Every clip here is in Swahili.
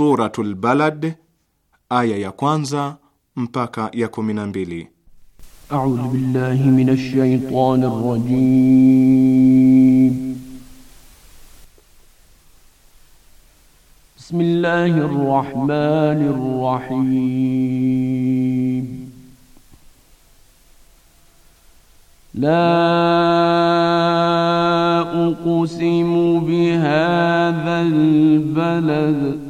Suratul Balad aya ya kwanza mpaka ya kumi na mbili. A'udhu billahi minash shaitanir rajim. Bismillahir rahmanir rahim. لا أقسم بهذا البلد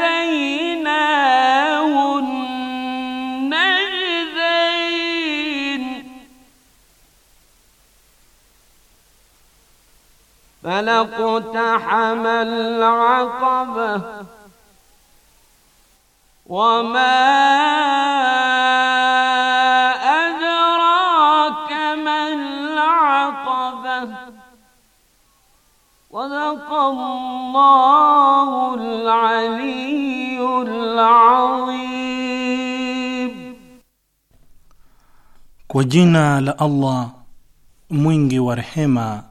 فلقتحم العقبة وما أدراك ما العقبة صدق الله العلي العظيم kwa لألله la Allah wa rehema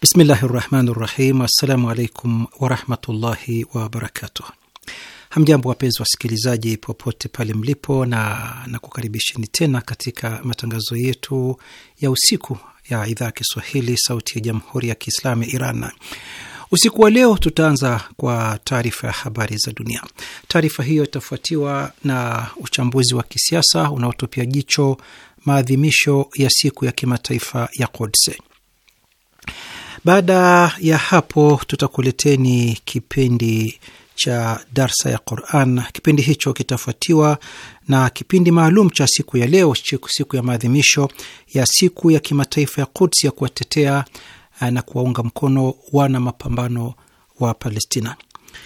Bismillahi rahmani rahim. Assalamu alaikum warahmatullahi wabarakatuh. Hamjambo wapenzi wasikilizaji, popote pale mlipo, na nakukaribisheni tena katika matangazo yetu ya usiku ya idhaa ya Kiswahili sauti ya jamhuri ya Kiislamu ya Iran. Usiku wa leo tutaanza kwa taarifa ya habari za dunia. Taarifa hiyo itafuatiwa na uchambuzi wa kisiasa unaotupia jicho maadhimisho ya siku ya kimataifa ya Quds. Baada ya hapo, tutakuleteni kipindi cha darsa ya Quran. Kipindi hicho kitafuatiwa na kipindi maalum cha siku ya leo, siku ya maadhimisho ya siku ya kimataifa ya Quds ya kuwatetea eh, na kuwaunga mkono wana mapambano wa Palestina.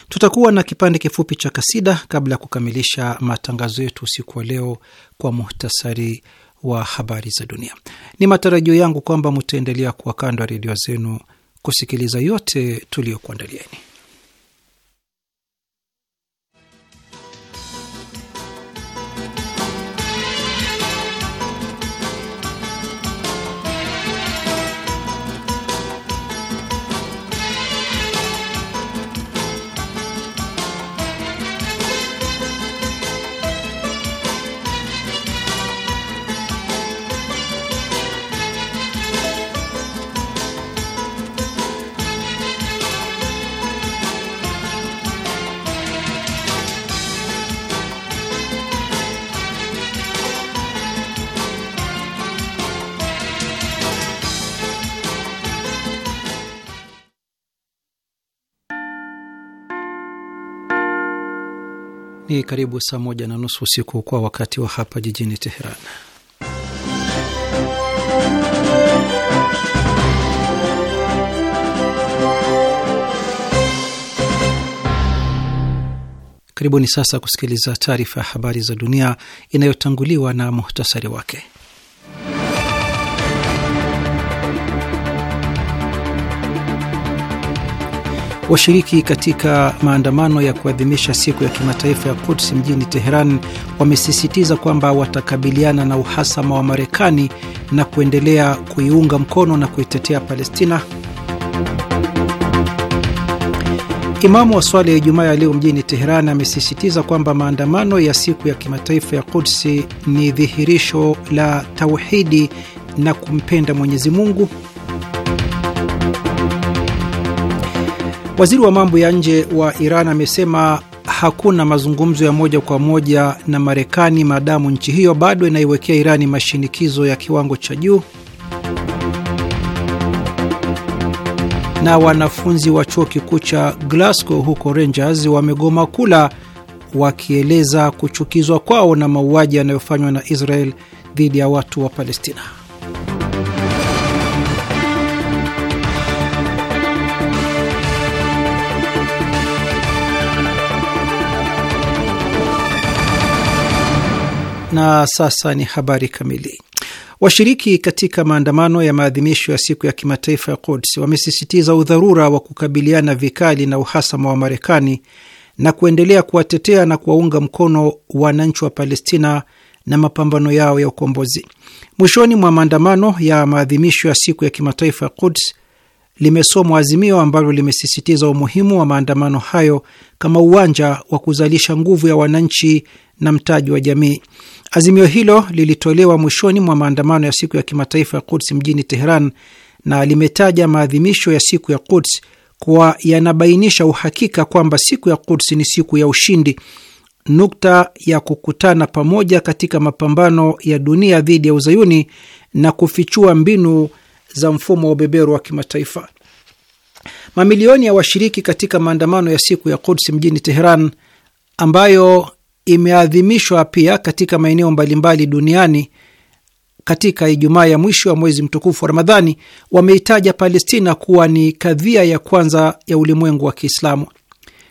Tutakuwa na kipande kifupi cha kasida kabla ya kukamilisha matangazo yetu usiku wa leo kwa muhtasari wa habari za dunia. Ni matarajio yangu kwamba mtaendelea kuwa kando ya redio zenu kusikiliza yote tuliyokuandalieni. Ni karibu saa moja na nusu usiku kwa wakati wa hapa jijini Teheran. Karibuni sasa kusikiliza taarifa ya habari za dunia inayotanguliwa na muhtasari wake. Washiriki katika maandamano ya kuadhimisha siku ya kimataifa ya Quds mjini Teheran wamesisitiza kwamba watakabiliana na uhasama wa Marekani na kuendelea kuiunga mkono na kuitetea Palestina. Imamu wa swala ya Ijumaa ya leo mjini Teheran amesisitiza kwamba maandamano ya siku ya kimataifa ya kudsi ni dhihirisho la tauhidi na kumpenda Mwenyezi Mungu. Waziri wa mambo ya nje wa Iran amesema hakuna mazungumzo ya moja kwa moja na Marekani maadamu nchi hiyo bado inaiwekea Irani mashinikizo ya kiwango cha juu. Na wanafunzi wa chuo kikuu cha Glasgow huko Rangers wamegoma kula wakieleza kuchukizwa kwao na mauaji yanayofanywa na Israel dhidi ya watu wa Palestina. Na sasa ni habari kamili. Washiriki katika maandamano ya maadhimisho ya siku ya kimataifa ya Quds wamesisitiza udharura wa kukabiliana vikali na uhasama wa Marekani na kuendelea kuwatetea na kuwaunga mkono wananchi wa Palestina na mapambano yao ya ukombozi. Mwishoni mwa maandamano ya maadhimisho ya siku ya kimataifa ya Quds limesomwa azimio ambalo limesisitiza umuhimu wa maandamano hayo kama uwanja wa kuzalisha nguvu ya wananchi na mtaji wa jamii. Azimio hilo lilitolewa mwishoni mwa maandamano ya siku ya kimataifa ya Quds mjini Teheran na limetaja maadhimisho ya siku ya Quds kuwa yanabainisha uhakika kwamba siku ya Quds ni siku ya ushindi, nukta ya kukutana pamoja katika mapambano ya dunia dhidi ya uzayuni na kufichua mbinu za mfumo wa ubeberu wa kimataifa. Mamilioni ya washiriki katika maandamano ya siku ya Quds mjini Teheran ambayo imeadhimishwa pia katika maeneo mbalimbali duniani. Katika Ijumaa ya mwisho wa mwezi mtukufu wa Ramadhani, wameitaja Palestina kuwa ni kadhia ya kwanza ya ulimwengu wa Kiislamu.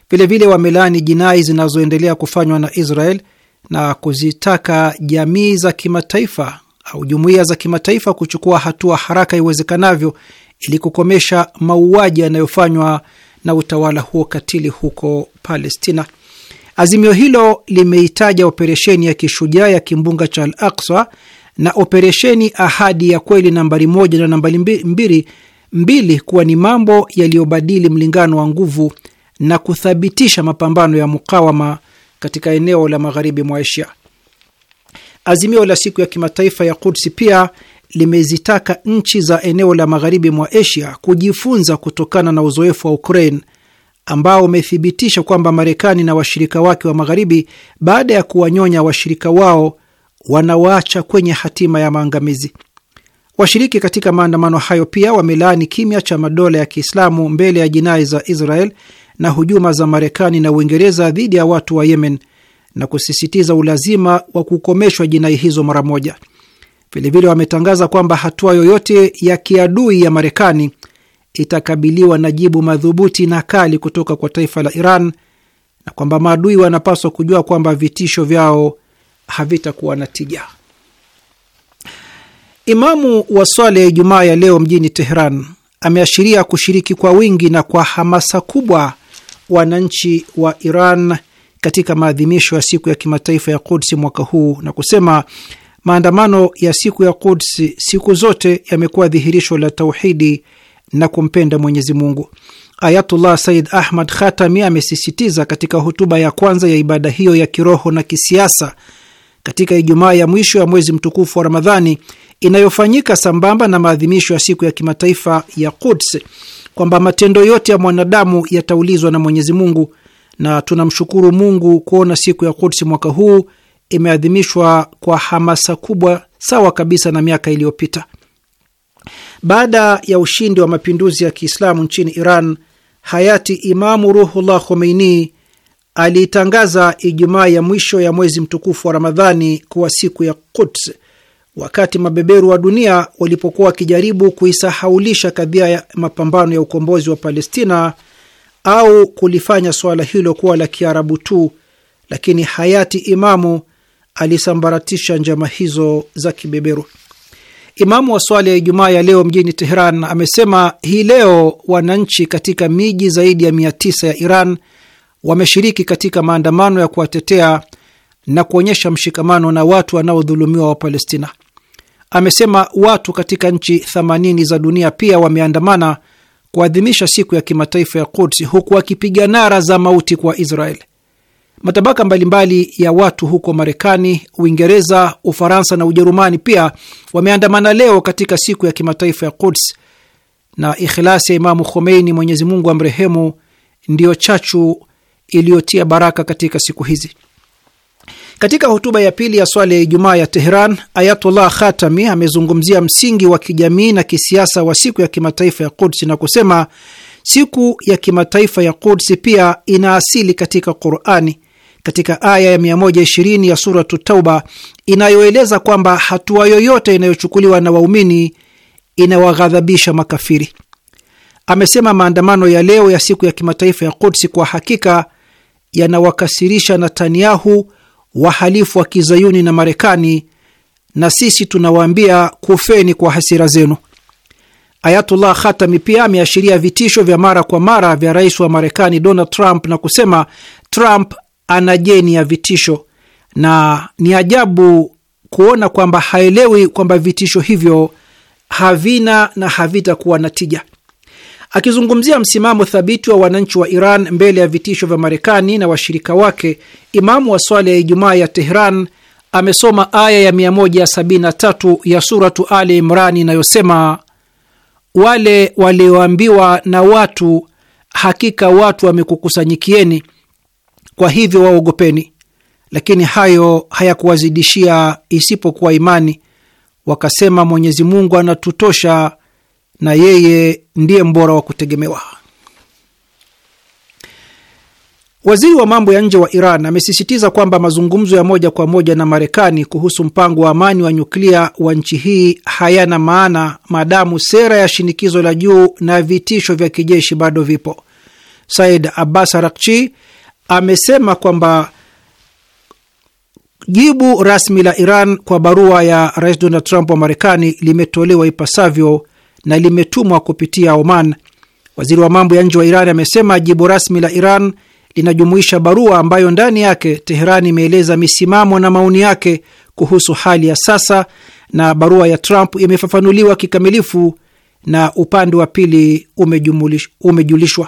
Vilevile wamelaani jinai zinazoendelea kufanywa na Israel na kuzitaka jamii za kimataifa au jumuiya za kimataifa kuchukua hatua haraka iwezekanavyo ili kukomesha mauaji yanayofanywa na utawala huo katili huko Palestina. Azimio hilo limeitaja operesheni ya kishujaa ya kimbunga cha Al Aksa na operesheni Ahadi ya Kweli nambari moja na nambari mbili, mbili kuwa ni mambo yaliyobadili mlingano wa nguvu na kuthabitisha mapambano ya mukawama katika eneo la magharibi mwa Asia. Azimio la siku ya kimataifa ya Kudsi pia limezitaka nchi za eneo la magharibi mwa Asia kujifunza kutokana na uzoefu wa Ukraine ambao umethibitisha kwamba Marekani na washirika wake wa Magharibi, baada ya kuwanyonya washirika wao, wanawaacha kwenye hatima ya maangamizi. Washiriki katika maandamano hayo pia wamelaani kimya cha madola ya Kiislamu mbele ya jinai za Israel na hujuma za Marekani na Uingereza dhidi ya watu wa Yemen na kusisitiza ulazima wa kukomeshwa jinai hizo mara moja. Vilevile wametangaza kwamba hatua yoyote ya kiadui ya Marekani itakabiliwa na jibu madhubuti na kali kutoka kwa taifa la Iran na kwamba maadui wanapaswa kujua kwamba vitisho vyao havitakuwa na tija. Imamu wa swala ya Ijumaa ya leo mjini Teheran ameashiria kushiriki kwa wingi na kwa hamasa kubwa wananchi wa Iran katika maadhimisho ya siku ya kimataifa ya Quds mwaka huu na kusema maandamano ya siku ya Quds siku zote yamekuwa dhihirisho la tauhidi na kumpenda Mwenyezi Mungu. Ayatullah Said Ahmad Khatami amesisitiza katika hotuba ya kwanza ya ibada hiyo ya kiroho na kisiasa katika Ijumaa ya mwisho ya mwezi mtukufu wa Ramadhani inayofanyika sambamba na maadhimisho ya siku ya kimataifa ya Quds kwamba matendo yote ya mwanadamu yataulizwa na Mwenyezi Mungu, na tunamshukuru Mungu kuona siku ya Quds mwaka huu imeadhimishwa kwa hamasa kubwa sawa kabisa na miaka iliyopita. Baada ya ushindi wa mapinduzi ya Kiislamu nchini Iran, hayati Imamu Ruhullah Khomeini aliitangaza Ijumaa ya mwisho ya mwezi mtukufu wa Ramadhani kuwa siku ya Quds, wakati mabeberu wa dunia walipokuwa wakijaribu kuisahaulisha kadhia ya mapambano ya ukombozi wa Palestina au kulifanya suala hilo kuwa la Kiarabu tu, lakini hayati Imamu alisambaratisha njama hizo za kibeberu. Imamu wa swala ya Ijumaa ya leo mjini Teheran amesema hii leo wananchi katika miji zaidi ya mia tisa ya Iran wameshiriki katika maandamano ya kuwatetea na kuonyesha mshikamano na watu wanaodhulumiwa wa Palestina. Amesema watu katika nchi 80 za dunia pia wameandamana kuadhimisha siku ya kimataifa ya Quds huku wakipiga nara za mauti kwa Israeli. Matabaka mbalimbali ya watu huko Marekani, Uingereza, Ufaransa na Ujerumani pia wameandamana leo katika siku ya kimataifa ya Quds, na ikhilasi ya Imamu Khomeini, Mwenyezi Mungu amrehemu, ndiyo chachu iliyotia baraka katika siku hizi. Katika hotuba ya pili ya swala ya Ijumaa ya Teheran, Ayatullah Khatami amezungumzia msingi wa kijamii na kisiasa wa siku ya kimataifa ya Quds na kusema siku ya kimataifa ya Quds pia ina asili katika Qurani katika aya ya 120 ya Suratu Tauba inayoeleza kwamba hatua yoyote inayochukuliwa na waumini inawaghadhabisha makafiri. Amesema maandamano ya leo ya siku ya kimataifa ya Kudsi kwa hakika yanawakasirisha Netanyahu, wahalifu wa kizayuni na Marekani, na sisi tunawaambia kufeni kwa hasira zenu. Ayatullah Khatami pia ameashiria vitisho vya mara kwa mara vya rais wa Marekani Donald Trump na kusema Trump ana jeni ya vitisho, na ni ajabu kuona kwamba haelewi kwamba vitisho hivyo havina na havitakuwa na tija. Akizungumzia msimamo thabiti wa wananchi wa Iran mbele ya vitisho vya Marekani na washirika wake, imamu wa swala ya Ijumaa ya Tehran amesoma aya ya 173 ya Suratu Ali Imran inayosema, wale walioambiwa na watu, hakika watu wamekukusanyikieni, kwa hivyo waogopeni. Lakini hayo hayakuwazidishia isipokuwa imani, wakasema, Mwenyezi Mungu anatutosha na yeye ndiye mbora wa kutegemewa. Waziri wa mambo ya nje wa Iran amesisitiza kwamba mazungumzo ya moja kwa moja na Marekani kuhusu mpango wa amani wa nyuklia wa nchi hii hayana maana maadamu sera ya shinikizo la juu na vitisho vya kijeshi bado vipo. Said Abbas Arakchi amesema kwamba jibu rasmi la Iran kwa barua ya Rais Donald Trump wa Marekani limetolewa ipasavyo na limetumwa kupitia Oman. Waziri wa mambo ya nje wa Iran amesema jibu rasmi la Iran linajumuisha barua ambayo ndani yake teheran imeeleza misimamo na maoni yake kuhusu hali ya sasa, na barua ya Trump imefafanuliwa kikamilifu na upande wa pili umejulishwa.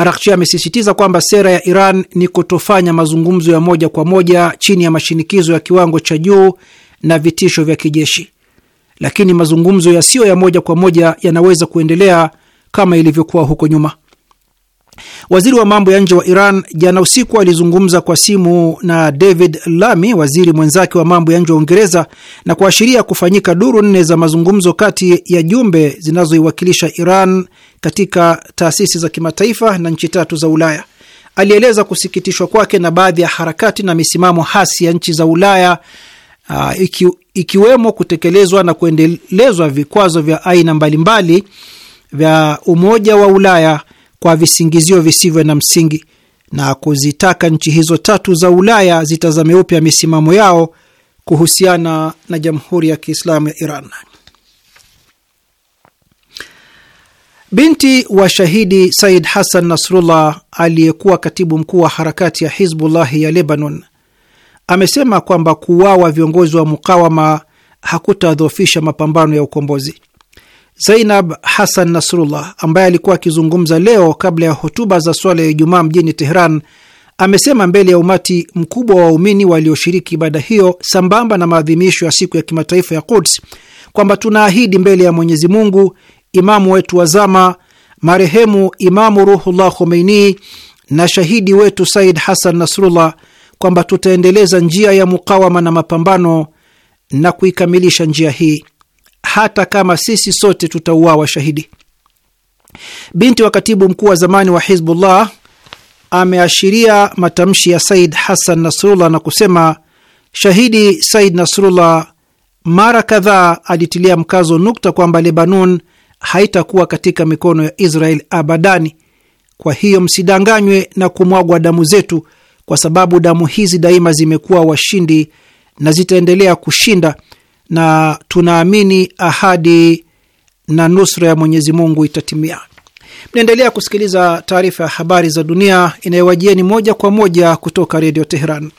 Araghchi amesisitiza kwamba sera ya Iran ni kutofanya mazungumzo ya moja kwa moja chini ya mashinikizo ya kiwango cha juu na vitisho vya kijeshi, lakini mazungumzo yasiyo ya moja kwa moja yanaweza kuendelea kama ilivyokuwa huko nyuma. Waziri wa mambo ya nje wa Iran jana usiku alizungumza kwa simu na David lami waziri mwenzake wa mambo ya nje wa Uingereza, na kuashiria kufanyika duru nne za mazungumzo kati ya jumbe zinazoiwakilisha Iran katika taasisi za kimataifa na nchi tatu za Ulaya. Alieleza kusikitishwa kwake na baadhi ya harakati na misimamo hasi ya nchi za Ulaya uh, iki, ikiwemo kutekelezwa na kuendelezwa vikwazo vya aina mbalimbali vya Umoja wa Ulaya kwa visingizio visivyo na msingi na kuzitaka nchi hizo tatu za Ulaya zitazame upya misimamo yao kuhusiana na Jamhuri ya Kiislamu ya Iran. Binti wa shahidi Said Hassan Nasrullah aliyekuwa katibu mkuu wa harakati ya Hizbullahi ya Lebanon amesema kwamba kuuawa viongozi wa mukawama hakutadhofisha mapambano ya ukombozi. Zainab Hassan Nasrullah ambaye alikuwa akizungumza leo kabla ya hotuba za swala ya Ijumaa mjini Tehran amesema mbele ya umati mkubwa wa waumini walioshiriki ibada hiyo sambamba na maadhimisho ya siku ya kimataifa ya Quds kwamba tunaahidi mbele ya Mwenyezi Mungu, imamu wetu wazama marehemu Imamu Ruhullah Khomeini na shahidi wetu Said Hassan Nasrullah kwamba tutaendeleza njia ya mukawama na mapambano na kuikamilisha njia hii hata kama sisi sote tutauawa shahidi. Binti wa katibu mkuu wa zamani wa Hizbullah ameashiria matamshi ya Said Hassan Nasrullah na kusema shahidi Said Nasrullah mara kadhaa alitilia mkazo nukta kwamba Lebanon haitakuwa katika mikono ya Israel abadani. Kwa hiyo msidanganywe na kumwagwa damu zetu, kwa sababu damu hizi daima zimekuwa washindi na zitaendelea kushinda na tunaamini ahadi na nusra ya Mwenyezi Mungu itatimia. Mnaendelea kusikiliza taarifa ya habari za dunia inayowajieni moja kwa moja kutoka Redio Teheran.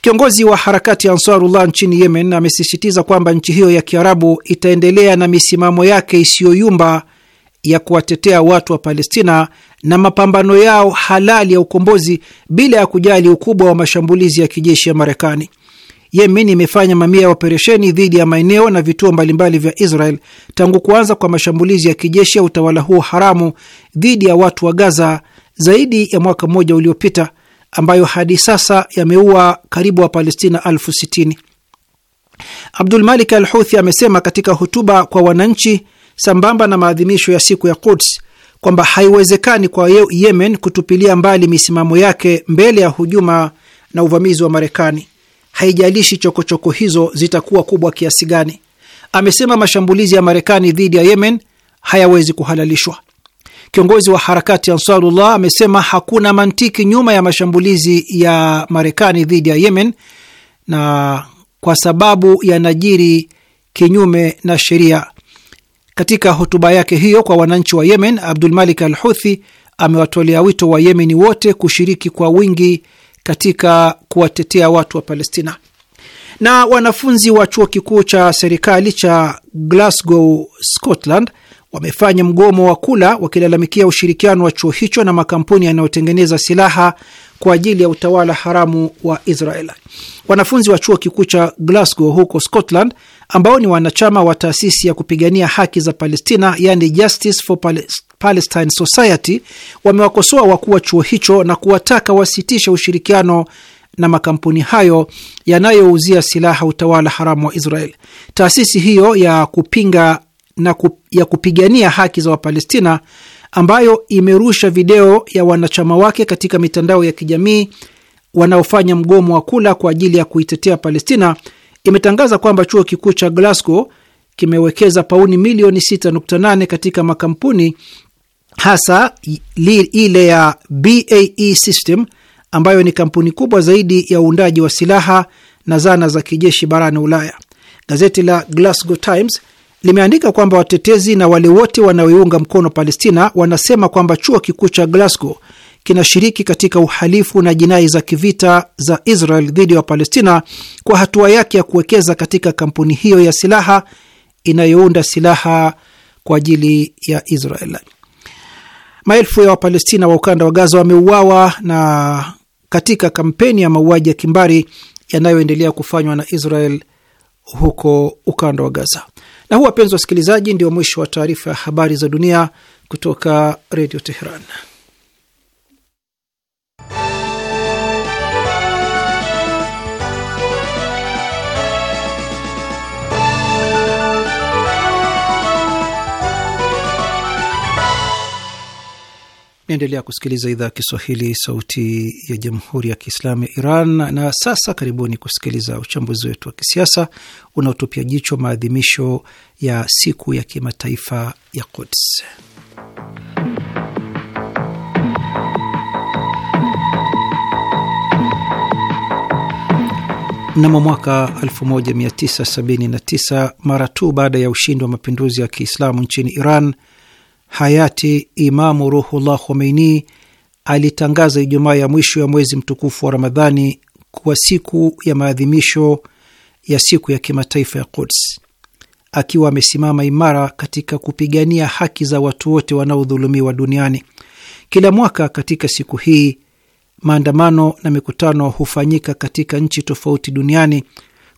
Kiongozi wa harakati ya Ansarullah nchini Yemen amesisitiza kwamba nchi hiyo ya Kiarabu itaendelea na misimamo yake isiyoyumba ya kuwatetea watu wa Palestina na mapambano yao halali ya ukombozi bila ya kujali ukubwa wa mashambulizi ya kijeshi ya Marekani. Yemen imefanya mamia ya operesheni dhidi ya maeneo na vituo mbalimbali vya Israel tangu kuanza kwa mashambulizi ya kijeshi ya utawala huo haramu dhidi ya watu wa Gaza zaidi ya mwaka mmoja uliopita, ambayo hadi sasa yameua karibu Wapalestina elfu sitini. Abdul Malik Al Huthi amesema katika hotuba kwa wananchi sambamba na maadhimisho ya siku ya Quds kwamba haiwezekani kwa Yemen kutupilia mbali misimamo yake mbele ya hujuma na uvamizi wa Marekani haijalishi chokochoko hizo zitakuwa kubwa kiasi gani. Amesema mashambulizi ya Marekani dhidi ya Yemen hayawezi kuhalalishwa. Kiongozi wa harakati Ansarullah amesema hakuna mantiki nyuma ya mashambulizi ya Marekani dhidi ya Yemen na kwa sababu yanajiri kinyume na sheria. Katika hotuba yake hiyo kwa wananchi wa Yemen, Abdul Malik Al Huthi amewatolea wito wa Yemeni wote kushiriki kwa wingi katika kuwatetea watu wa Palestina. Na wanafunzi wa chuo kikuu cha serikali cha Glasgow, Scotland wamefanya mgomo wa kula wakilalamikia ushirikiano wa chuo hicho na makampuni yanayotengeneza silaha kwa ajili ya utawala haramu wa Israel. Wanafunzi wa chuo kikuu cha Glasgow huko Scotland, ambao ni wanachama wa taasisi ya kupigania haki za Palestina, yani Justice for Palestine Palestine Society wamewakosoa wakuu wa chuo hicho na kuwataka wasitishe ushirikiano na makampuni hayo yanayouzia silaha utawala haramu wa Israel. Taasisi hiyo ya kupinga na kup, ya kupigania haki za Wapalestina ambayo imerusha video ya wanachama wake katika mitandao ya kijamii wanaofanya mgomo wa kula kwa ajili ya kuitetea Palestina imetangaza kwamba chuo kikuu cha Glasgow kimewekeza pauni milioni 6.8 katika makampuni hasa ile ya BAE System ambayo ni kampuni kubwa zaidi ya uundaji wa silaha na zana za kijeshi barani Ulaya. Gazeti la Glasgow Times limeandika kwamba watetezi na wale wote wanaoiunga mkono Palestina wanasema kwamba chuo kikuu cha Glasgow kinashiriki katika uhalifu na jinai za kivita za Israel dhidi ya Palestina kwa hatua yake ya kuwekeza katika kampuni hiyo ya silaha inayounda silaha kwa ajili ya Israel. Maelfu ya Wapalestina wa ukanda wa Gaza wameuawa na katika kampeni ya mauaji ya kimbari yanayoendelea kufanywa na Israel huko ukanda wa Gaza. Na huu, wapenzi wasikilizaji, ndio mwisho wa taarifa ya habari za dunia kutoka Redio Teheran. Naendelea kusikiliza idhaa ya Kiswahili, sauti ya jamhuri ya kiislamu ya Iran. Na sasa karibuni kusikiliza uchambuzi wetu wa kisiasa unaotupia jicho maadhimisho ya siku ya kimataifa ya Quds. Mnamo mwaka 1979 mara tu baada ya ushindi wa mapinduzi ya Kiislamu nchini Iran, hayati Imamu Ruhullah Khomeini alitangaza Ijumaa ya mwisho ya mwezi mtukufu wa Ramadhani kuwa siku ya maadhimisho ya siku ya kimataifa ya Quds, akiwa amesimama imara katika kupigania haki za watu wote wanaodhulumiwa duniani. Kila mwaka katika siku hii maandamano na mikutano hufanyika katika nchi tofauti duniani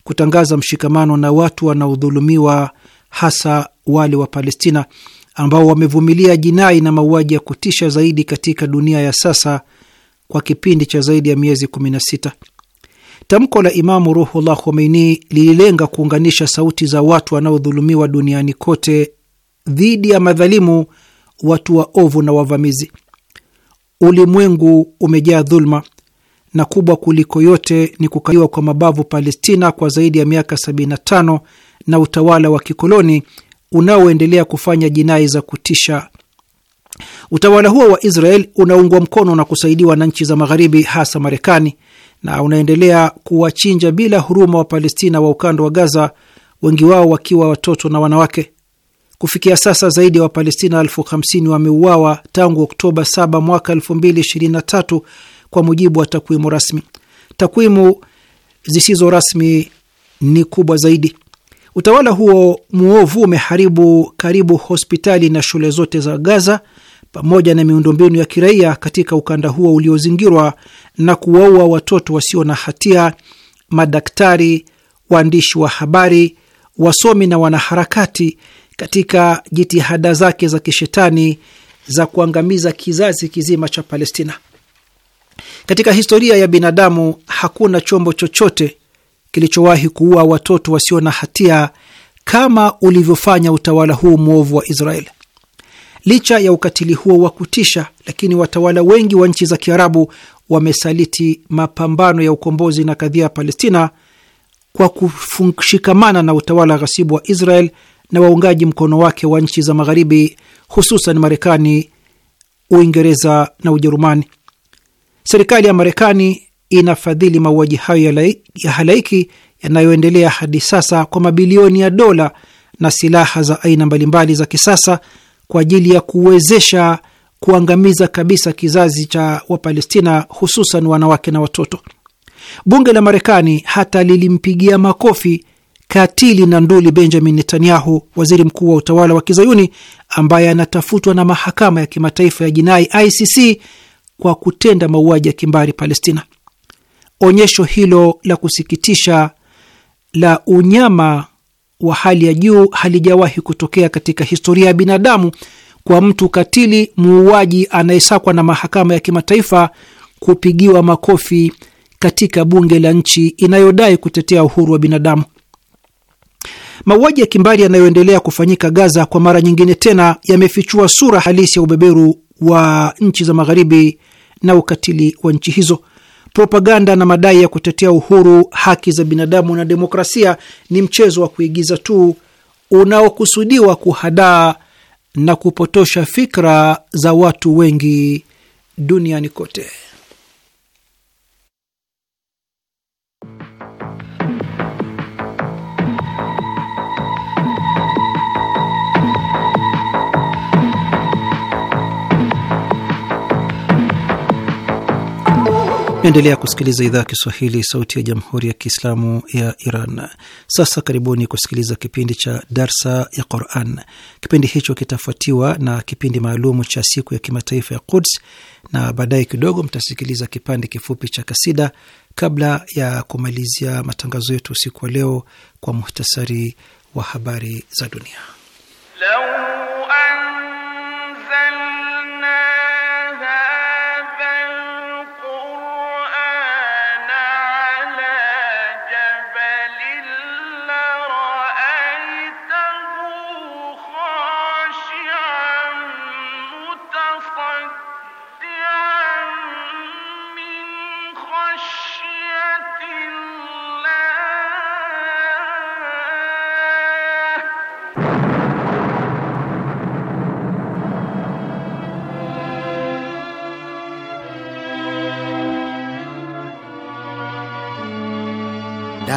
kutangaza mshikamano na watu wanaodhulumiwa, hasa wale wa Palestina ambao wamevumilia jinai na mauaji ya kutisha zaidi katika dunia ya sasa kwa kipindi cha zaidi ya miezi 16. Tamko la Imamu Ruhullah Khomeini lililenga kuunganisha sauti za watu wanaodhulumiwa duniani kote dhidi ya madhalimu, watu wa ovu na wavamizi. Ulimwengu umejaa dhuluma na kubwa kuliko yote ni kukaliwa kwa mabavu Palestina kwa zaidi ya miaka 75 na utawala wa kikoloni unaoendelea kufanya jinai za kutisha. Utawala huo wa Israel unaungwa mkono na kusaidiwa na nchi za Magharibi, hasa Marekani, na unaendelea kuwachinja bila huruma wa palestina wa ukanda wa Gaza, wengi wao wakiwa watoto na wanawake. Kufikia sasa zaidi ya wa Wapalestina elfu hamsini wameuawa tangu Oktoba 7 mwaka 2023 kwa mujibu wa takwimu rasmi. Takwimu zisizo rasmi ni kubwa zaidi. Utawala huo mwovu umeharibu karibu hospitali na shule zote za Gaza pamoja na miundombinu ya kiraia katika ukanda huo uliozingirwa na kuwaua watoto wasio na hatia, madaktari, waandishi wa habari, wasomi na wanaharakati katika jitihada zake za kishetani za kuangamiza kizazi kizima cha Palestina. Katika historia ya binadamu hakuna chombo chochote kilichowahi kuua watoto wasio na hatia kama ulivyofanya utawala huu mwovu wa israel Licha ya ukatili huo wa kutisha, lakini watawala wengi wa nchi za Kiarabu wamesaliti mapambano ya ukombozi na kadhia ya Palestina kwa kushikamana na utawala ghasibu wa Israel na waungaji mkono wake wa nchi za Magharibi, hususan Marekani, Uingereza na Ujerumani. Serikali ya Marekani inafadhili mauaji hayo ya halaiki yanayoendelea hadi sasa kwa mabilioni ya dola na silaha za aina mbalimbali za kisasa kwa ajili ya kuwezesha kuangamiza kabisa kizazi cha Wapalestina, hususan wanawake na watoto. Bunge la Marekani hata lilimpigia makofi katili na nduli Benjamin Netanyahu, waziri mkuu wa utawala wa Kizayuni ambaye anatafutwa na mahakama ya kimataifa ya jinai ICC kwa kutenda mauaji ya kimbari Palestina onyesho hilo la kusikitisha la unyama wa hali ya juu halijawahi kutokea katika historia ya binadamu, kwa mtu katili muuaji anayesakwa na mahakama ya kimataifa kupigiwa makofi katika bunge la nchi inayodai kutetea uhuru wa binadamu. Mauaji ya kimbari yanayoendelea kufanyika Gaza kwa mara nyingine tena yamefichua sura halisi ya ubeberu wa nchi za Magharibi na ukatili wa nchi hizo propaganda na madai ya kutetea uhuru, haki za binadamu na demokrasia ni mchezo wa kuigiza tu unaokusudiwa kuhadaa na kupotosha fikra za watu wengi duniani kote. Naendelea kusikiliza idhaa ya Kiswahili, sauti ya jamhuri ya kiislamu ya Iran. Sasa karibuni kusikiliza kipindi cha darsa ya Quran. Kipindi hicho kitafuatiwa na kipindi maalum cha siku ya kimataifa ya Quds, na baadaye kidogo mtasikiliza kipande kifupi cha kasida kabla ya kumalizia matangazo yetu usiku wa leo kwa muhtasari wa habari za dunia Leo.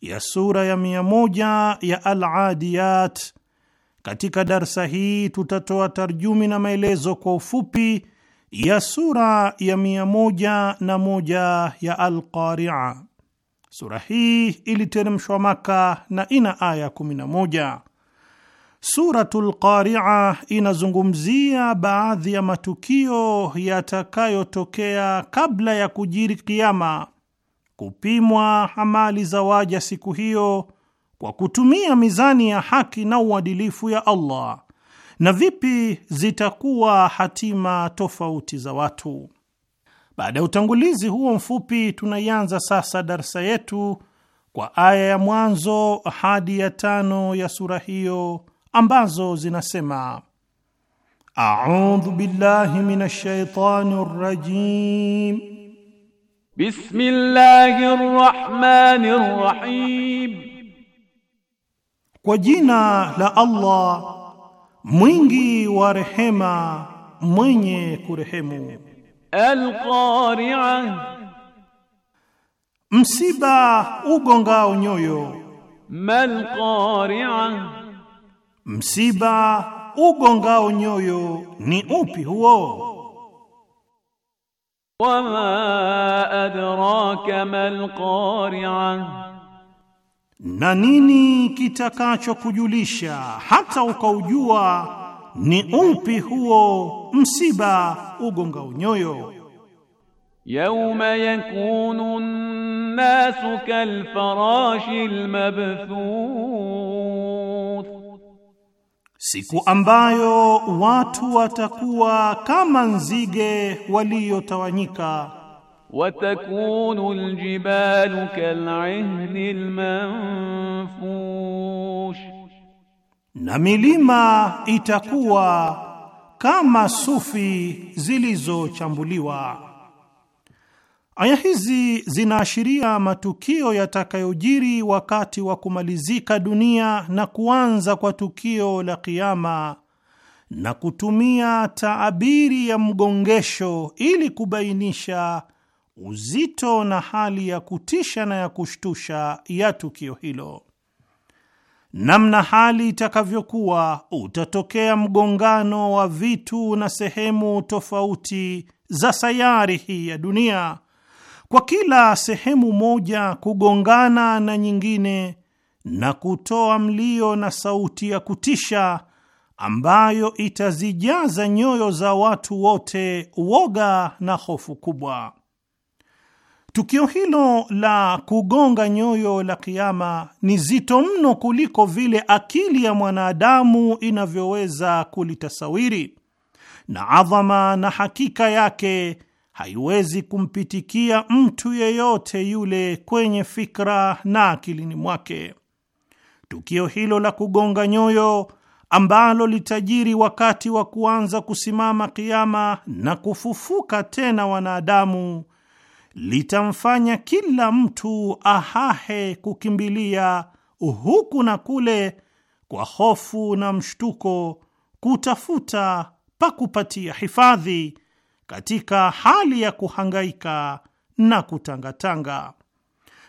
ya sura ya mia moja ya Al-Adiyat. Katika darsa hii tutatoa tarjumi na maelezo kwa ufupi ya sura ya mia moja na moja ya Al-Qari'a. Sura hii iliteremshwa Maka na ina aya moja. Suratul Qari'a inazungumzia baadhi ya matukio yatakayotokea kabla ya kujiri kiama kupimwa amali za waja siku hiyo kwa kutumia mizani ya haki na uadilifu ya Allah, na vipi zitakuwa hatima tofauti za watu. Baada ya utangulizi huo mfupi, tunaianza sasa darsa yetu kwa aya ya mwanzo hadi ya tano ya sura hiyo ambazo zinasema: audhu billahi minash shaitani rrajim Bismillahir Rahmanir Rahim, kwa jina la Allah mwingi wa rehema mwenye kurehemu. Al-Qari'a, msiba ugongao nyoyo. Mal-Qari'a, msiba ugongao nyoyo ni upi huo? وما أدراك ما القارعة na nini kitakachokujulisha hata ukaujua ni upi huo msiba ugongao nyoyo yauma yakunu nnasu kalfarashi lmabthun siku ambayo watu watakuwa kama nzige waliotawanyika. Watakunu aljibalu kal'ihni almanfush, na milima itakuwa kama sufi zilizochambuliwa. Aya hizi zinaashiria matukio yatakayojiri wakati wa kumalizika dunia na kuanza kwa tukio la Kiama, na kutumia taabiri ya mgongesho ili kubainisha uzito na hali ya kutisha na ya kushtusha ya tukio hilo. Namna hali itakavyokuwa, utatokea mgongano wa vitu na sehemu tofauti za sayari hii ya dunia kwa kila sehemu moja kugongana na nyingine na kutoa mlio na sauti ya kutisha ambayo itazijaza nyoyo za watu wote woga na hofu kubwa. Tukio hilo la kugonga nyoyo la Kiama ni zito mno kuliko vile akili ya mwanadamu inavyoweza kulitasawiri, na adhama na hakika yake haiwezi kumpitikia mtu yeyote yule kwenye fikra na akilini mwake. Tukio hilo la kugonga nyoyo ambalo litajiri wakati wa kuanza kusimama kiama na kufufuka tena wanadamu litamfanya kila mtu ahahe kukimbilia huku na kule kwa hofu na mshtuko, kutafuta pa kupatia hifadhi katika hali ya kuhangaika na kutangatanga.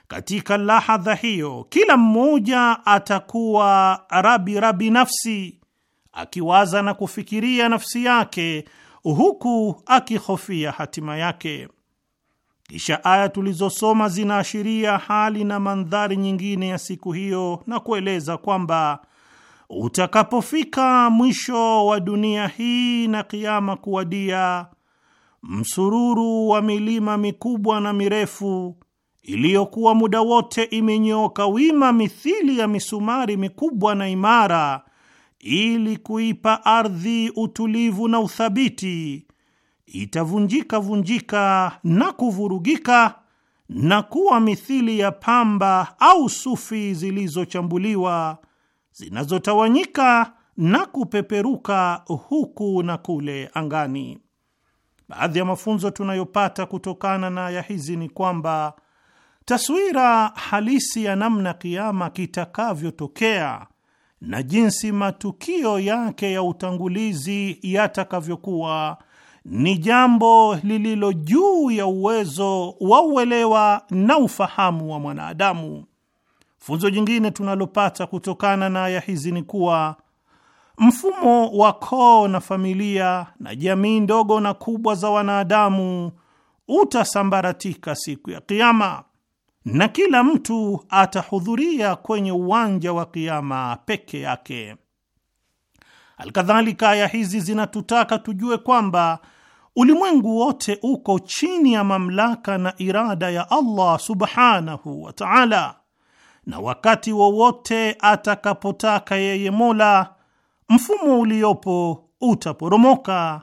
Katika lahadha hiyo, kila mmoja atakuwa rabi rabi nafsi, akiwaza na kufikiria nafsi yake, huku akihofia hatima yake. Kisha aya tulizosoma zinaashiria hali na mandhari nyingine ya siku hiyo na kueleza kwamba utakapofika mwisho wa dunia hii na kiama kuwadia msururu wa milima mikubwa na mirefu iliyokuwa muda wote imenyooka wima mithili ya misumari mikubwa na imara, ili kuipa ardhi utulivu na uthabiti, itavunjika vunjika na kuvurugika na kuwa mithili ya pamba au sufi zilizochambuliwa zinazotawanyika na kupeperuka huku na kule angani. Baadhi ya mafunzo tunayopata kutokana na aya hizi ni kwamba taswira halisi ya namna kiama kitakavyotokea na jinsi matukio yake ya utangulizi yatakavyokuwa ni jambo lililo juu ya uwezo wa uelewa na ufahamu wa mwanadamu. Funzo jingine tunalopata kutokana na aya hizi ni kuwa Mfumo wa koo na familia na jamii ndogo na kubwa za wanadamu utasambaratika siku ya Kiama, na kila mtu atahudhuria kwenye uwanja wa Kiama peke yake. Alkadhalika, aya hizi zinatutaka tujue kwamba ulimwengu wote uko chini ya mamlaka na irada ya Allah subhanahu wa taala, na wakati wowote atakapotaka yeye Mola mfumo uliopo utaporomoka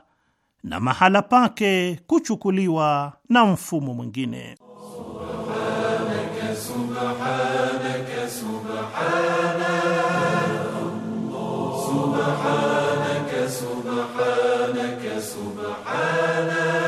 na mahala pake kuchukuliwa na mfumo mwingine. Subhanaka, subhanaka, subhanaka. Subhanaka, subhanaka,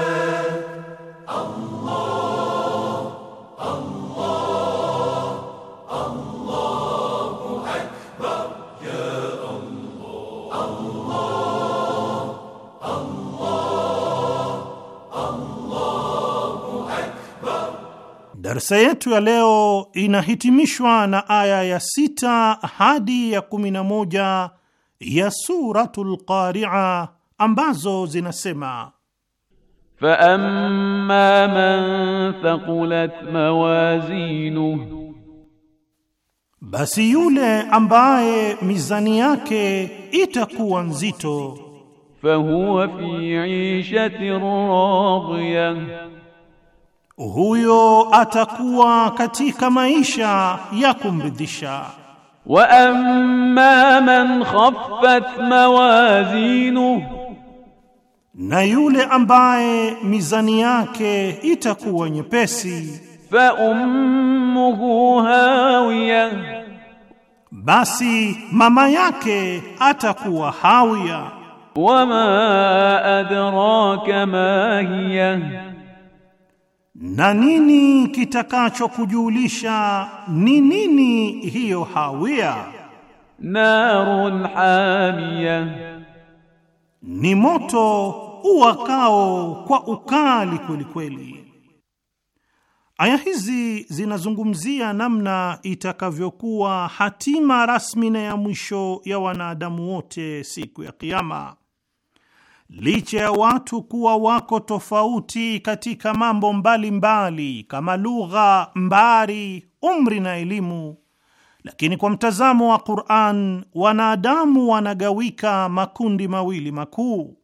Darsa yetu ya leo inahitimishwa na aya ya sita hadi ya kumi na moja ya Suratul Qaria ambazo zinasema faamma man thaqulat mawazinuhu, basi yule ambaye mizani yake itakuwa nzito. Fahuwa fi ishati radhiya huyo atakuwa katika maisha ya kumridhisha. Wa amma man khaffat mawazinu, na yule ambaye mizani yake itakuwa nyepesi. Fa ummuhu hawiya, basi mama yake atakuwa hawiya. Wama adraka ma hiya na nini kitakachokujulisha ni nini hiyo hawia? Narun hamia, ni moto uwakao kwa ukali kweli kweli. Aya hizi zinazungumzia namna itakavyokuwa hatima rasmi na ya mwisho ya wanadamu wote siku ya Kiyama licha ya watu kuwa wako tofauti katika mambo mbalimbali mbali, kama lugha, mbari, umri na elimu, lakini kwa mtazamo wa Qur'an wanadamu wanagawika makundi mawili makuu.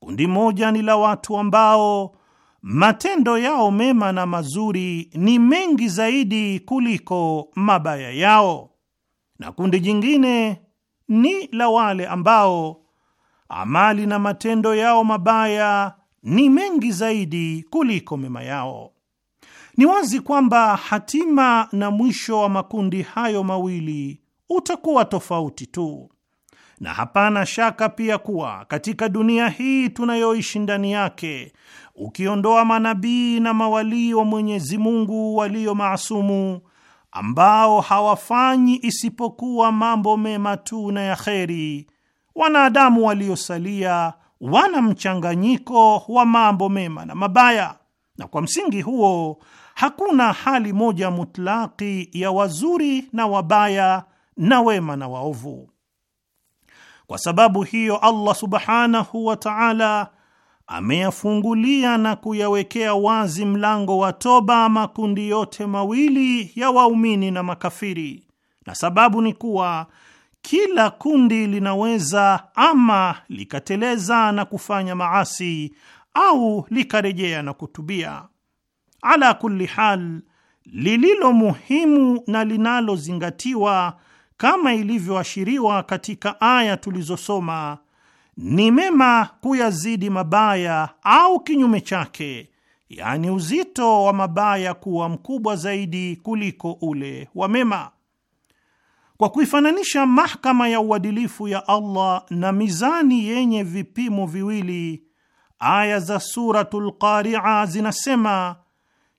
Kundi moja ni la watu ambao matendo yao mema na mazuri ni mengi zaidi kuliko mabaya yao, na kundi jingine ni la wale ambao amali na matendo yao mabaya ni mengi zaidi kuliko mema yao. Ni wazi kwamba hatima na mwisho wa makundi hayo mawili utakuwa tofauti tu, na hapana shaka pia kuwa katika dunia hii tunayoishi ndani yake, ukiondoa manabii na mawalii wa Mwenyezi Mungu walio maasumu ambao hawafanyi isipokuwa mambo mema tu na ya kheri wanadamu waliosalia wana mchanganyiko wa mambo mema na mabaya, na kwa msingi huo hakuna hali moja mutlaki ya wazuri na wabaya na wema na waovu. Kwa sababu hiyo, Allah subhanahu wa ta'ala ameyafungulia na kuyawekea wazi mlango wa toba makundi yote mawili ya waumini na makafiri, na sababu ni kuwa kila kundi linaweza ama likateleza na kufanya maasi au likarejea na kutubia. Ala kulli hal, lililo muhimu na linalozingatiwa kama ilivyoashiriwa katika aya tulizosoma ni mema kuyazidi mabaya au kinyume chake, yaani uzito wa mabaya kuwa mkubwa zaidi kuliko ule wa mema kwa kuifananisha mahakama ya uadilifu ya Allah na mizani yenye vipimo viwili, aya za Suratul Qaria zinasema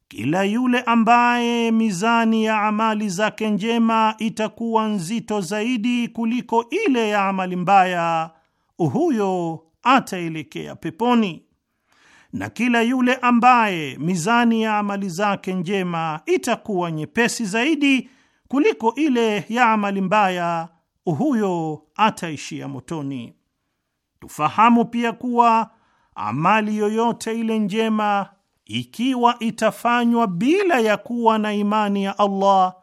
kila yule ambaye mizani ya amali zake njema itakuwa nzito zaidi kuliko ile ya amali mbaya, huyo ataelekea peponi, na kila yule ambaye mizani ya amali zake njema itakuwa nyepesi zaidi kuliko ile ya amali mbaya, huyo ataishia motoni. Tufahamu pia kuwa amali yoyote ile njema ikiwa itafanywa bila ya kuwa na imani ya Allah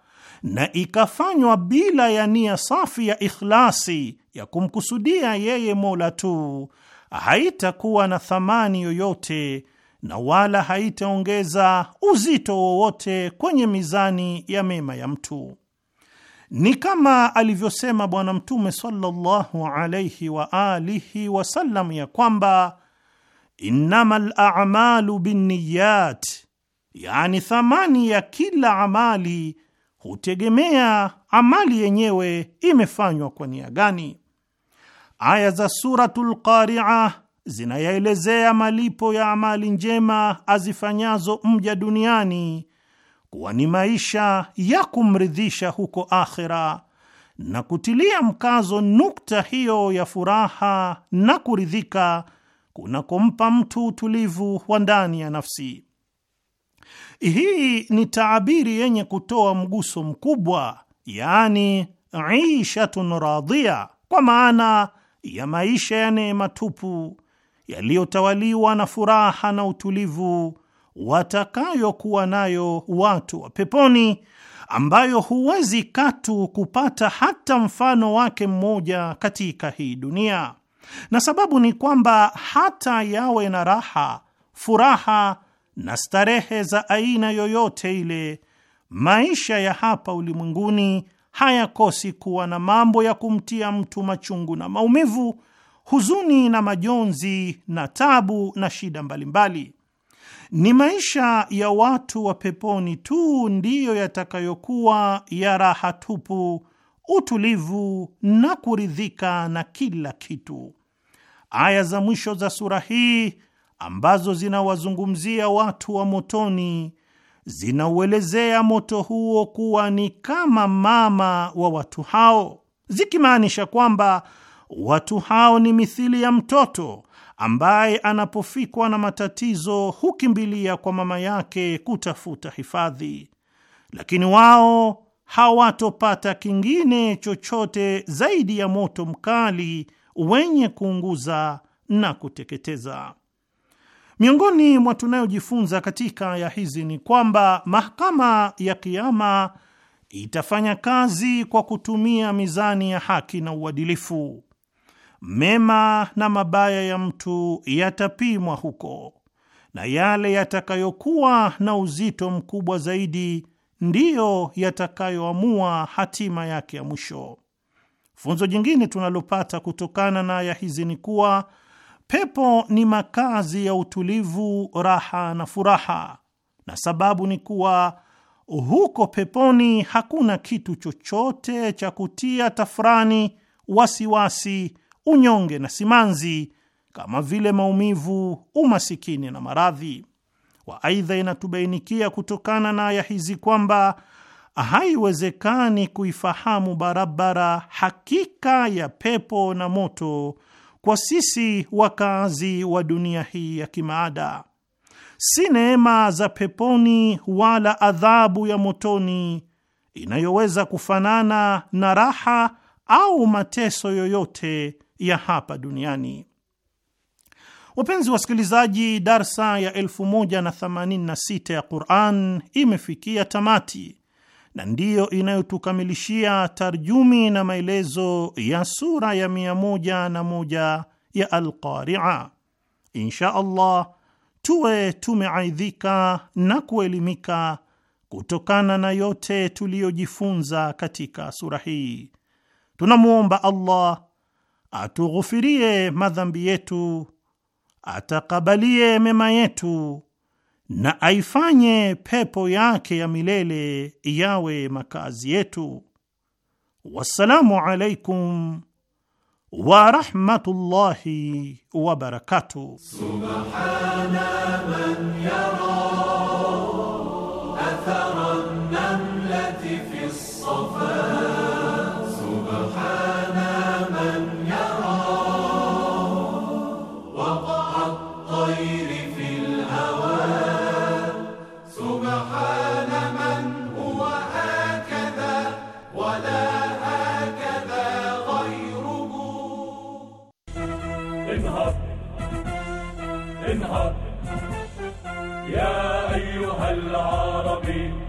na ikafanywa bila ya nia safi ya ikhlasi ya kumkusudia yeye Mola tu haitakuwa na thamani yoyote na wala haitaongeza uzito wowote kwenye mizani ya mema ya mtu. Ni kama alivyosema Bwana Mtume sallallahu alayhi wa alihi wasallam ya kwamba innama lamalu binniyat, yani thamani ya kila amali hutegemea amali yenyewe imefanywa kwa nia gani. Aya za Suratul Qari'ah zinayaelezea malipo ya amali njema azifanyazo mja duniani kuwa ni maisha ya kumridhisha huko akhera, na kutilia mkazo nukta hiyo ya furaha na kuridhika kunakompa mtu utulivu wa ndani ya nafsi. Hii ni taabiri yenye kutoa mguso mkubwa, yaani ishatun radhia, kwa maana ya maisha ya neema tupu yaliyotawaliwa na furaha na utulivu watakayokuwa nayo watu wa peponi, ambayo huwezi katu kupata hata mfano wake mmoja katika hii dunia. Na sababu ni kwamba hata yawe na raha, furaha na starehe za aina yoyote ile, maisha ya hapa ulimwenguni hayakosi kuwa na mambo ya kumtia mtu machungu na maumivu huzuni na majonzi na tabu na shida mbalimbali. Ni maisha ya watu wa peponi tu ndiyo yatakayokuwa ya raha tupu, utulivu na kuridhika na kila kitu. Aya za mwisho za sura hii ambazo zinawazungumzia watu wa motoni zinauelezea moto huo kuwa ni kama mama wa watu hao, zikimaanisha kwamba Watu hao ni mithili ya mtoto ambaye anapofikwa na matatizo hukimbilia kwa mama yake kutafuta hifadhi, lakini wao hawatopata kingine chochote zaidi ya moto mkali wenye kuunguza na kuteketeza. Miongoni mwa tunayojifunza katika aya hizi ni kwamba mahakama ya Kiama itafanya kazi kwa kutumia mizani ya haki na uadilifu mema na mabaya ya mtu yatapimwa huko, na yale yatakayokuwa na uzito mkubwa zaidi ndiyo yatakayoamua hatima yake ya mwisho. Funzo jingine tunalopata kutokana na aya hizi ni kuwa pepo ni makazi ya utulivu, raha na furaha, na sababu ni kuwa huko peponi hakuna kitu chochote cha kutia tafurani wasiwasi unyonge na simanzi kama vile maumivu, umasikini na maradhi. wa Aidha, inatubainikia kutokana na aya hizi kwamba haiwezekani kuifahamu barabara hakika ya pepo na moto kwa sisi wakazi wa dunia hii ya kimaada. Si neema za peponi wala adhabu ya motoni inayoweza kufanana na raha au mateso yoyote ya hapa duniani. Wapenzi wasikilizaji, darsa ya 1086 ya Quran imefikia tamati na ndiyo inayotukamilishia tarjumi na maelezo ya sura ya 101 ya Alqaria. Insha Allah tuwe tumeaidhika na kuelimika kutokana na yote tuliyojifunza katika sura hii. Tunamwomba Allah atughufirie madhambi yetu, atakabalie mema yetu na aifanye pepo yake ya milele yawe makazi yetu. Wassalamu alaikum wa rahmatullahi wa barakatuh. Subhana man yara الرحيم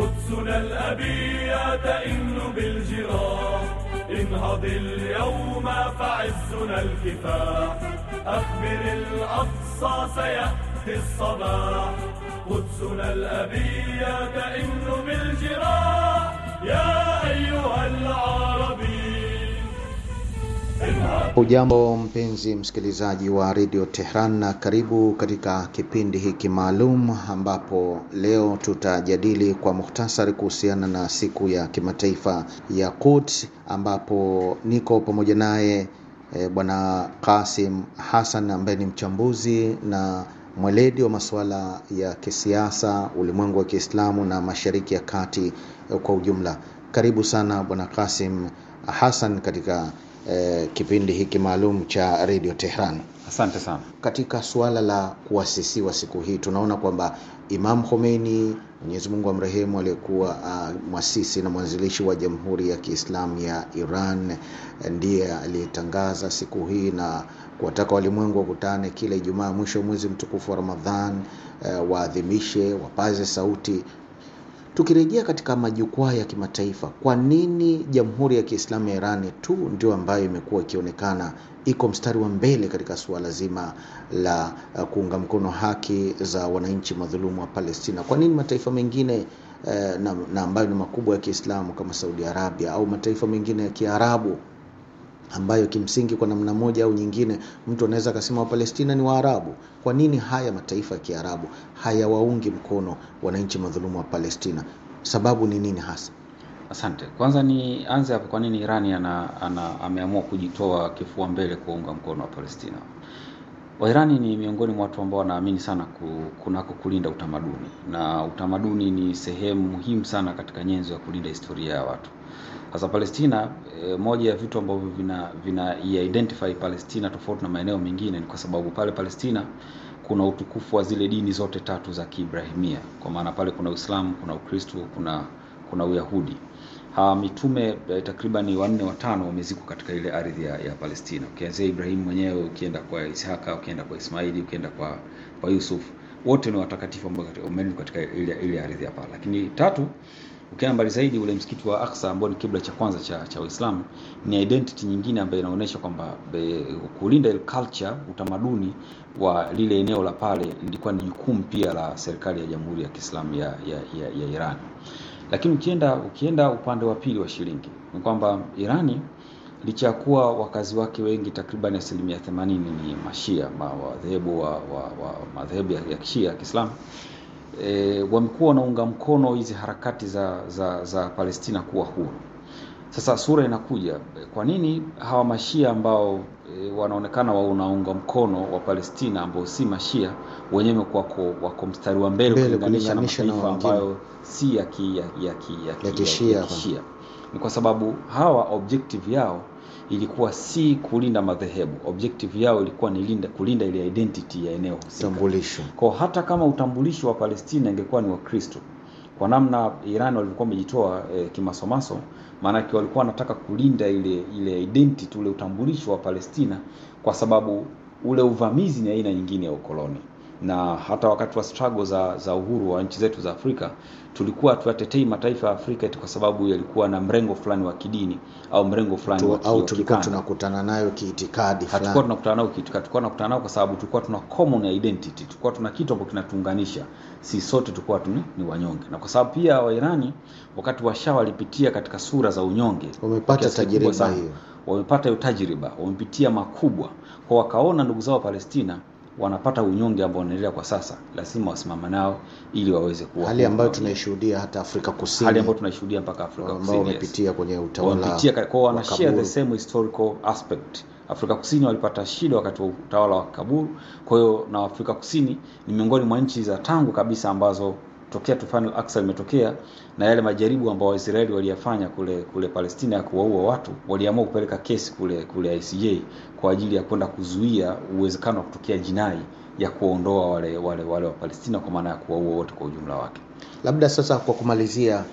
قدسنا الأبي يتئن بالجراح انهض اليوم فعزنا الكفاح أخبر الأقصى سيأتي الصباح قدسنا الأبي يتئن بالجراح يا أيها العالم Ujambo mpenzi msikilizaji wa redio Tehran, na karibu katika kipindi hiki maalum ambapo leo tutajadili kwa muhtasari kuhusiana na siku ya kimataifa ya kut ambapo niko pamoja naye e, bwana Kasim Hassan ambaye ni mchambuzi na mweledi wa masuala ya kisiasa, ulimwengu wa Kiislamu na Mashariki ya Kati eh, kwa ujumla. Karibu sana bwana Kasim Hassan katika Eh, kipindi hiki maalum cha Radio Tehran. Asante sana. Katika suala la kuwasisiwa siku hii tunaona kwamba Imam Khomeini Mwenyezi Mungu amrehemu, aliyekuwa uh, mwasisi na mwanzilishi wa Jamhuri ya Kiislamu ya Iran ndiye aliyetangaza siku hii na kuwataka walimwengu wakutane kila Ijumaa mwisho mwezi mtukufu wa Ramadhan, uh, waadhimishe, wapaze sauti Tukirejea katika majukwaa ya kimataifa, kwa nini Jamhuri ya Kiislamu ya Irani tu ndio ambayo imekuwa ikionekana iko mstari wa mbele katika suala zima la uh, kuunga mkono haki za wananchi madhulumu wa Palestina? Kwa nini mataifa mengine uh, na, na ambayo ni makubwa ya Kiislamu kama Saudi Arabia au mataifa mengine ya Kiarabu ambayo kimsingi kwa namna moja au nyingine mtu anaweza akasema wapalestina ni waarabu kwa nini haya mataifa ya kiarabu hayawaungi mkono wananchi madhulumu wa palestina sababu ni nini hasa Asante. Kwanza anze hapo, kwa nini Irani ana, ana, ameamua kujitoa kifua mbele kuwaunga mkono wa Palestina? Wairani ni miongoni mwa watu ambao wanaamini sana kunako kulinda utamaduni, na utamaduni ni sehemu muhimu sana katika nyenzo ya kulinda historia ya watu. Sasa Palestina e, moja ya vitu ambavyo vina, vina identify Palestina tofauti na maeneo mengine ni kwa sababu pale Palestina kuna utukufu wa zile dini zote tatu za Kiibrahimia, kwa maana pale kuna Uislamu, kuna Ukristo, kuna kuna Uyahudi. Ha, mitume eh, takriban wanne watano wamezikwa katika ile ardhi ya, ya Palestina, ukianzia Ibrahimu mwenyewe, ukienda kwa Ishaka, ukienda kwa Ismaili, ukienda kwa, kwa Yusuf, wote ni watakatifu ambao wamezikwa katika ile, ile ardhi ya pale. Lakini tatu Ukienda mbali zaidi, ule msikiti wa Aqsa ambao ni kibla cha kwanza cha cha Uislamu ni identity nyingine ambayo inaonyesha kwamba kulinda ile culture, utamaduni wa lile eneo la pale lilikuwa ni jukumu pia la serikali ya Jamhuri ya Kiislamu ya, ya, ya, ya Iran. Lakini ukienda ukienda upande wa pili wa shilingi ni kwamba Irani licha ya kuwa wakazi wake wengi takriban asilimia themanini ni mashia madhehebu wa, wa, wa madhehebu ya kishia ya Kiislamu, e, wamekuwa wanaunga mkono hizi harakati za, za, za Palestina kuwa huru. Sasa sura inakuja, e, kwa nini hawa mashia ambao e, wanaonekana wanaunga mkono wa Palestina ambao si mashia wenyewe wako, wako mstari wa mbele kulinganisha na mataifa ambayo si ya kishia? Ni kwa sababu hawa ki yao ilikuwa si kulinda madhehebu. Objective yao ilikuwa ni linda, kulinda ile identity ya eneo utambulisho. Kwa hata kama utambulisho wa Palestina ingekuwa ni wa Kristo, kwa namna Iran walivyokuwa wamejitoa e, kimasomaso, maanake walikuwa wanataka kulinda ile ile identity, ule utambulisho wa Palestina, kwa sababu ule uvamizi ni aina nyingine ya ukoloni na hata wakati wa struggle za, za uhuru wa nchi zetu za Afrika tulikuwa tuwatetei mataifa ya Afrika kwa sababu yalikuwa na mrengo fulani wa kidini au mrengo fulani tu, wa au tulikuwa tunakutana nayo kiitikadi fulani. Hatukuwa tunakutana nayo kiitikadi, tulikuwa tunakutana nayo kwa sababu tulikuwa tuna common identity, tulikuwa tuna kitu ambacho kinatuunganisha, si sote tulikuwa tu ni wanyonge. Na kwa sababu pia Wairani wakati wa Shah walipitia katika sura za unyonge, wamepata tajiriba hiyo, wamepata hiyo tajiriba, wamepitia makubwa kwa, wakaona ndugu zao wa Palestina wanapata unyonge ambao unaendelea kwa sasa, lazima wasimama nao ili waweze kuwa hali ambayo tunaishuhudia hata Afrika Kusini, hali ambayo tunaishuhudia mpaka Afrika Kusini ambao wamepitia yes. kwenye utawala, wamepitia kwa, wana share the same historical aspect. Afrika Kusini walipata shida wakati wa utawala wa Kaburu, kwa hiyo na Afrika Kusini ni miongoni mwa nchi za tangu kabisa ambazo tokea tufani al-Aqsa imetokea na yale majaribu ambayo Waisraeli waliyafanya kule kule Palestina ya kuwaua watu, waliamua kupeleka kesi kule kule ICJ kwa ajili ya kwenda kuzuia uwezekano wa kutokea jinai ya kuondoa wale wale wale wa Palestina kwa maana ya kuwaua wote kwa ujumla wake. Labda sasa kwa kumalizia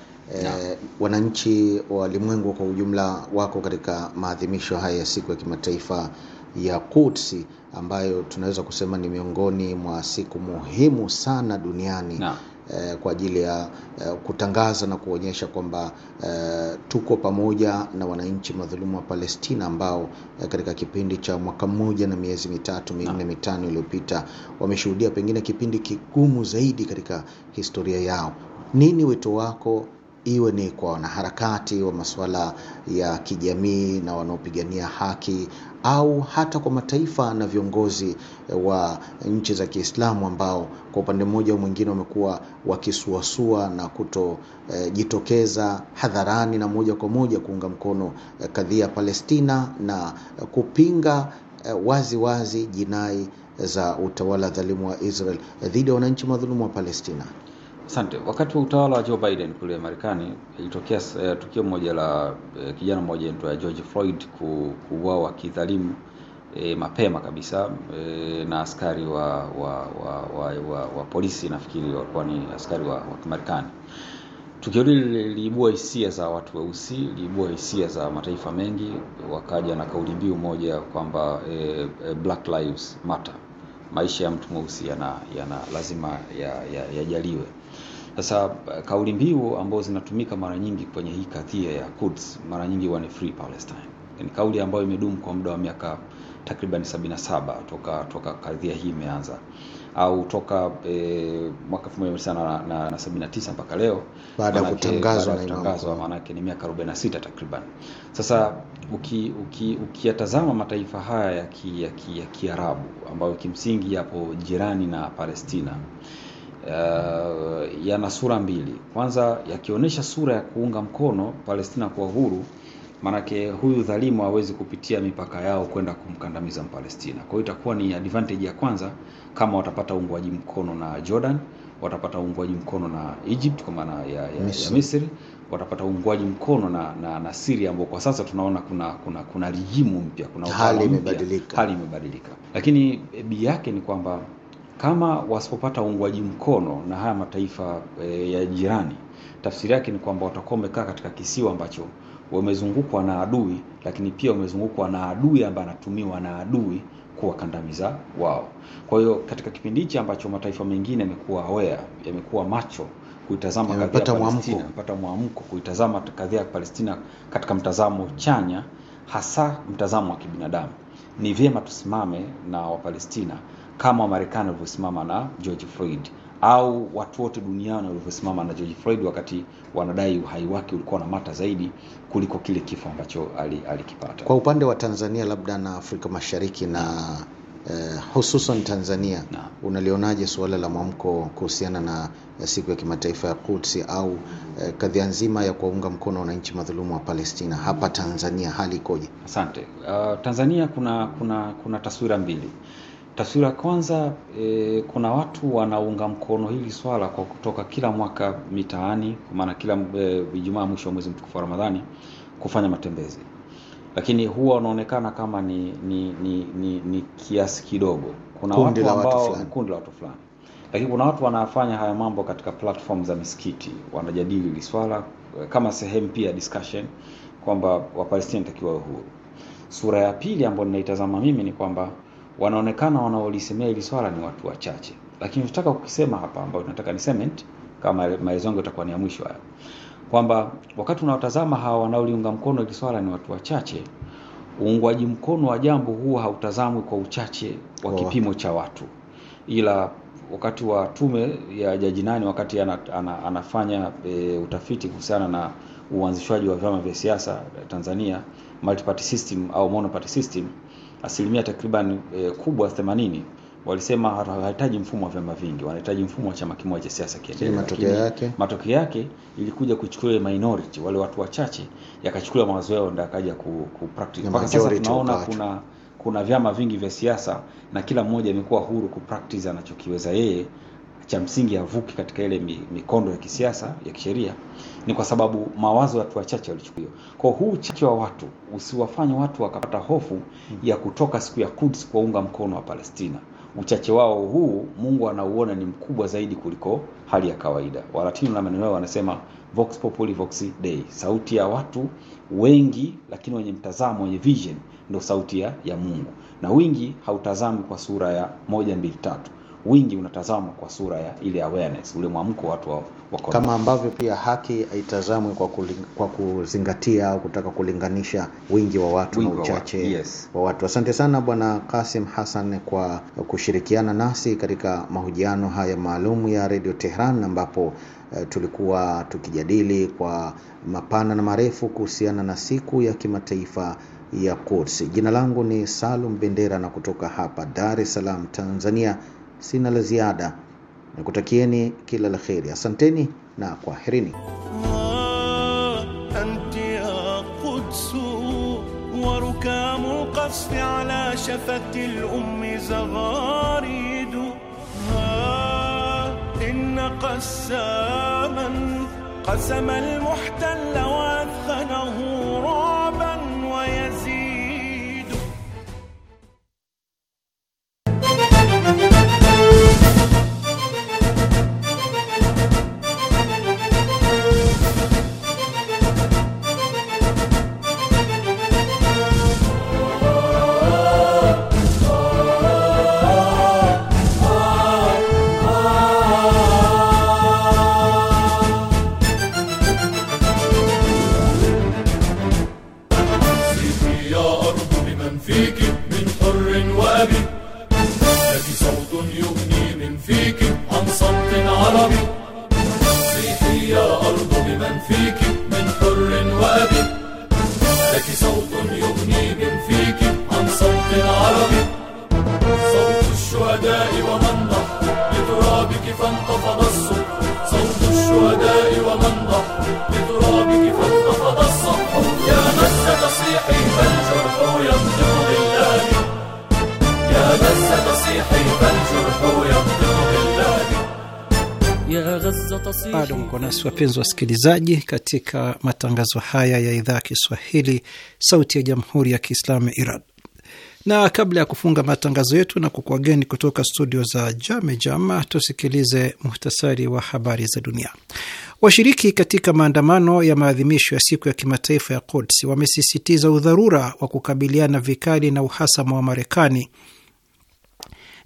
E, wananchi walimwengu kwa ujumla wako katika maadhimisho haya ya siku ya kimataifa ya Kudsi ambayo tunaweza kusema ni miongoni mwa siku muhimu sana duniani na eh, kwa ajili ya eh, kutangaza na kuonyesha kwamba eh, tuko pamoja na wananchi madhulumu wa Palestina ambao eh, katika kipindi cha mwaka mmoja na miezi mitatu minne mitano iliyopita wameshuhudia pengine kipindi kigumu zaidi katika historia yao. Nini wito wako iwe ni kwa wanaharakati wa masuala ya kijamii na wanaopigania haki au hata kwa mataifa na viongozi e, wa nchi za Kiislamu ambao kwa upande mmoja au mwingine wamekuwa wakisuasua na kutojitokeza e, hadharani na moja kwa moja kuunga mkono e, kadhia ya Palestina na e, kupinga e, wazi wazi jinai za utawala dhalimu wa Israel dhidi ya wananchi madhulumu wa Palestina. Asante. Wakati wa utawala wa Joe Biden kule Marekani ilitokea eh, tukio moja la eh, kijana mmoja anaitwa George Floyd ku, kuuawa kidhalimu eh, mapema kabisa eh, na askari wa wa, wa, wa, wa wa polisi nafikiri walikuwa ni askari wa, wa Kimarekani. Tukio hili liliibua hisia za watu weusi, liibua hisia za mataifa mengi, wakaja na kauli mbiu moja kwamba eh, Black Lives Matter, maisha ya mtu mweusi yana, yana lazima yajaliwe ya, ya sasa kauli mbiu ambazo zinatumika mara nyingi kwenye hii kadhia ya Quds mara nyingi huwa ni Free Palestine. Ni kauli ambayo imedumu kwa muda wa miaka takriban 77 toka toka kadhia hii imeanza au toka e, mwaka 1979 mpaka leo baada ya kutangazwa na kutangazwa, maana yake ni miaka 46 takriban. Sasa ukiyatazama uki, uki mataifa haya ya Kiarabu ki, Kiarabu ambayo kimsingi yapo jirani na Palestina uh, yana sura mbili. Kwanza yakionyesha sura ya kuunga mkono Palestina kwa uhuru, maanake huyu dhalimu hawezi kupitia mipaka yao kwenda kumkandamiza Mpalestina. Kwa hiyo itakuwa ni advantage ya kwanza kama watapata uungwaji mkono na Jordan, watapata uungwaji mkono na Egypt kwa maana ya, ya, ya Misri watapata uungwaji mkono na, na, na Syria ambao kwa sasa tunaona kuna kuna kuna rijimu mpya, kuna hali imebadilika, hali imebadilika, lakini eh, bi yake ni kwamba kama wasipopata uungwaji mkono na haya mataifa e, ya jirani, tafsiri yake ni kwamba watakuwa wamekaa katika kisiwa ambacho wamezungukwa na adui, lakini pia wamezungukwa na adui ambaye anatumiwa na adui kuwakandamiza wao. Kwa hiyo katika kipindi hichi ambacho mataifa mengine yamekuwa aware, yamekuwa macho kuitazama kadhia ya Palestina, kupata mwamko kuitazama kadhia ya Palestina katika mtazamo chanya, hasa mtazamo wa kibinadamu, ni vyema tusimame na Wapalestina kama Wamarekani walivyosimama na George Floyd au watu wote duniani walivyosimama na George Floyd wakati wanadai uhai wake ulikuwa na mata zaidi kuliko kile kifo ambacho alikipata. Ali kwa upande wa Tanzania labda na Afrika Mashariki na eh, hususan Tanzania na, unalionaje suala la mwamko kuhusiana na eh, siku ya kimataifa ya Quds au eh, kadhia nzima ya kuwaunga mkono wananchi madhulumu wa Palestina hapa Tanzania hali ikoje? Asante. Uh, Tanzania kuna kuna kuna taswira mbili. Taswira ya kwanza e, kuna watu wanaunga mkono hili swala kwa kutoka kila mwaka mitaani, kwa maana kila e, Ijumaa mwisho wa mwezi mtukufu wa Ramadhani kufanya matembezi, lakini huwa wanaonekana kama ni, ni, ni, ni, ni kiasi kidogo. Kuna kundi watu ambao ni kundi la watu fulani, lakini kuna watu wanafanya haya mambo katika platform za misikiti, wanajadili hili swala e, kama sehemu pia discussion kwamba Wapalestina takiwa uhuru. Sura ya pili ambayo ninaitazama mimi ni kwamba wanaonekana wanaolisemea hili swala ni watu wachache, lakini nataka kukisema hapa, ambayo nataka ni cement, kama maelezo yangu itakuwa ni ya mwisho haya kwamba wakati unaotazama hawa wanaoliunga mkono hili swala ni watu wachache, uungwaji mkono wa jambo huu hautazamwi kwa uchache wa kipimo cha watu, ila wakati wa tume ya Jaji Nani wakati ana, ana, anafanya e, utafiti kuhusiana na uanzishwaji wa vyama vya siasa Tanzania, multi party system au monoparty system asilimia takriban e, kubwa 80 walisema hawahitaji mfumo wa vyama vingi, wanahitaji mfumo wa chama kimoja cha siasa kiendelee. Matokeo yake matokeo yake ilikuja kuchukua minority, wale watu wachache, yakachukuliwa mawazo yao ndio akaja ku, ku practice. Mpaka sasa tunaona kuna kuna vyama vingi vya siasa na kila mmoja imekuwa huru ku practice anachokiweza yeye cha msingi avuki katika ile mikondo ya kisiasa ya kisheria, ni kwa sababu mawazo ya watu wachache walichukuliwa. Kwa huu uchache wa watu usiwafanye watu wakapata hofu ya kutoka siku ya Quds kuwaunga mkono wa Palestina. Uchache wao huu Mungu anauona ni mkubwa zaidi kuliko hali ya kawaida. Walatini na maneno yao wanasema vox populi vox dei, sauti ya watu wengi lakini wenye mtazamo, wenye vision, ndio sauti ya, ya Mungu, na wingi hautazami kwa sura ya moja, mbili, tatu wingi unatazamwa kwa sura ya ile awareness, ule mwamko watu wa, kama ambavyo pia haki haitazamwi kwa, kuling, kwa kuzingatia au kutaka kulinganisha wingi wa watu wingi na uchache wa, yes. wa watu. Asante sana Bwana Kasim Hassan kwa kushirikiana nasi katika mahojiano haya maalum ya Redio Tehran ambapo eh, tulikuwa tukijadili kwa mapana na marefu kuhusiana na siku ya kimataifa ya kursi Jina langu ni Salum Bendera na kutoka hapa Dar es Salaam, Tanzania. sina la ziada, nikutakieni kila la kheri. Asanteni na kwaherini. وركام قساما قسم المحتل وأثخنه رعب basi wapenzi wasikilizaji, katika matangazo haya ya idhaa ya Kiswahili, Sauti ya Jamhuri ya Kiislamu ya Iran, na kabla ya kufunga matangazo yetu na kukuageni kutoka studio za jame jama tusikilize muhtasari wa habari za dunia. Washiriki katika maandamano ya maadhimisho ya siku ya kimataifa ya Quds wamesisitiza udharura wa kukabiliana vikali na uhasama wa Marekani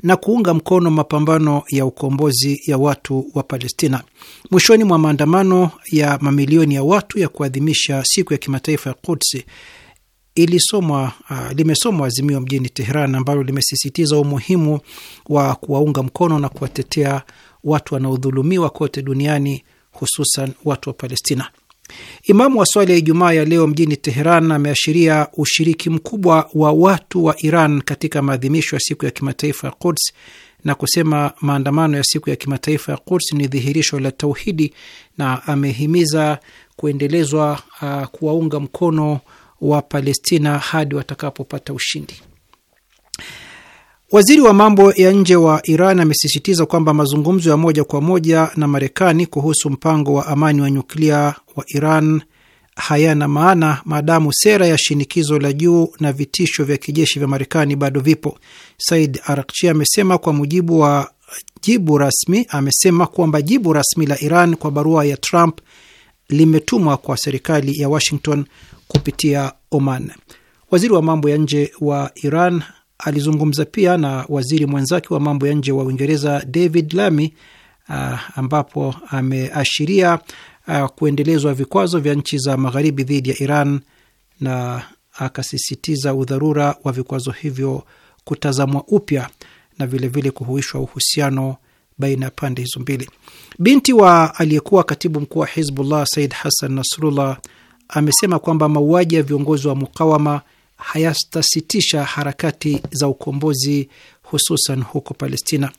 na kuunga mkono mapambano ya ukombozi ya watu wa Palestina. Mwishoni mwa maandamano ya mamilioni ya watu ya kuadhimisha siku ya kimataifa ya Kudsi ilisomwa uh, limesomwa azimio mjini Teheran ambalo limesisitiza umuhimu wa kuwaunga mkono na kuwatetea watu wanaodhulumiwa kote duniani, hususan watu wa Palestina. Imamu wa swala ya Ijumaa ya leo mjini Teheran ameashiria ushiriki mkubwa wa watu wa Iran katika maadhimisho ya siku ya kimataifa ya Quds na kusema maandamano ya siku ya kimataifa ya Quds ni dhihirisho la tauhidi, na amehimiza kuendelezwa uh, kuwaunga mkono wa Palestina hadi watakapopata ushindi. Waziri wa mambo ya nje wa Iran amesisitiza kwamba mazungumzo ya moja kwa moja na Marekani kuhusu mpango wa amani wa nyuklia wa Iran hayana maana maadamu sera ya shinikizo la juu na vitisho vya kijeshi vya Marekani bado vipo. Said Arakchi amesema kwa mujibu wa jibu rasmi, amesema kwamba jibu rasmi la Iran kwa barua ya Trump limetumwa kwa serikali ya Washington kupitia Oman. Waziri wa mambo ya nje wa Iran Alizungumza pia na waziri mwenzake wa mambo ya nje wa Uingereza David Lammy uh, ambapo ameashiria uh, kuendelezwa vikwazo vya nchi za magharibi dhidi ya Iran na akasisitiza udharura wa vikwazo hivyo kutazamwa upya na vilevile kuhuishwa uhusiano baina ya pande hizo mbili. Binti wa aliyekuwa katibu mkuu wa Hizbullah Said Hassan Nasrullah amesema kwamba mauaji ya viongozi wa mukawama hayastasitisha harakati za ukombozi hususan huko Palestina.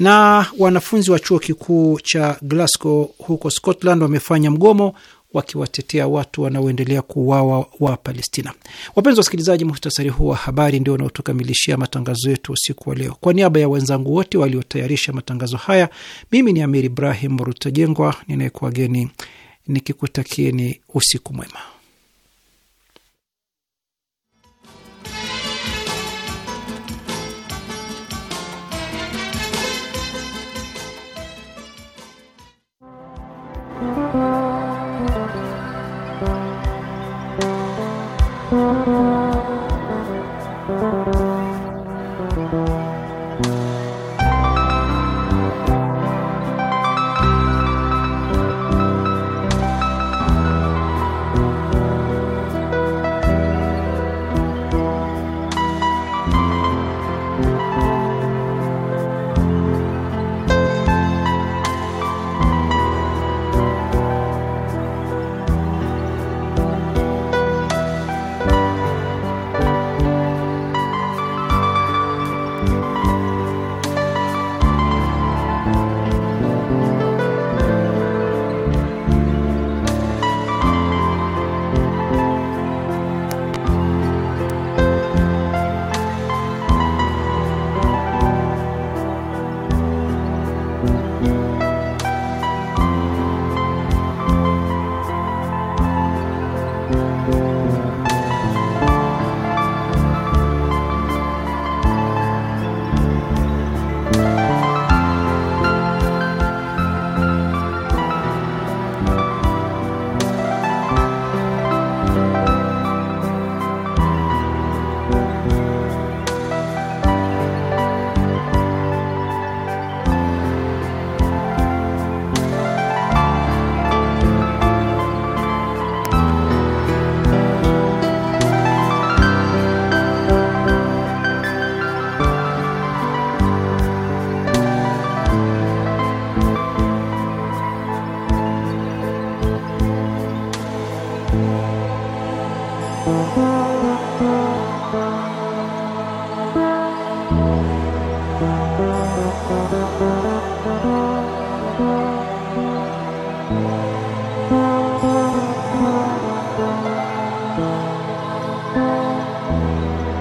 Na wanafunzi wa chuo kikuu cha Glasgow huko Scotland wamefanya mgomo wakiwatetea watu wanaoendelea kuuawa wa Palestina. Wapenzi wa wasikilizaji, muhtasari huu wa habari ndio unaotukamilishia matangazo yetu usiku wa leo. Kwa niaba ya wenzangu wote waliotayarisha matangazo haya, mimi ni Amir Ibrahim Rutajengwa ninayekuwageni nikikutakieni usiku mwema.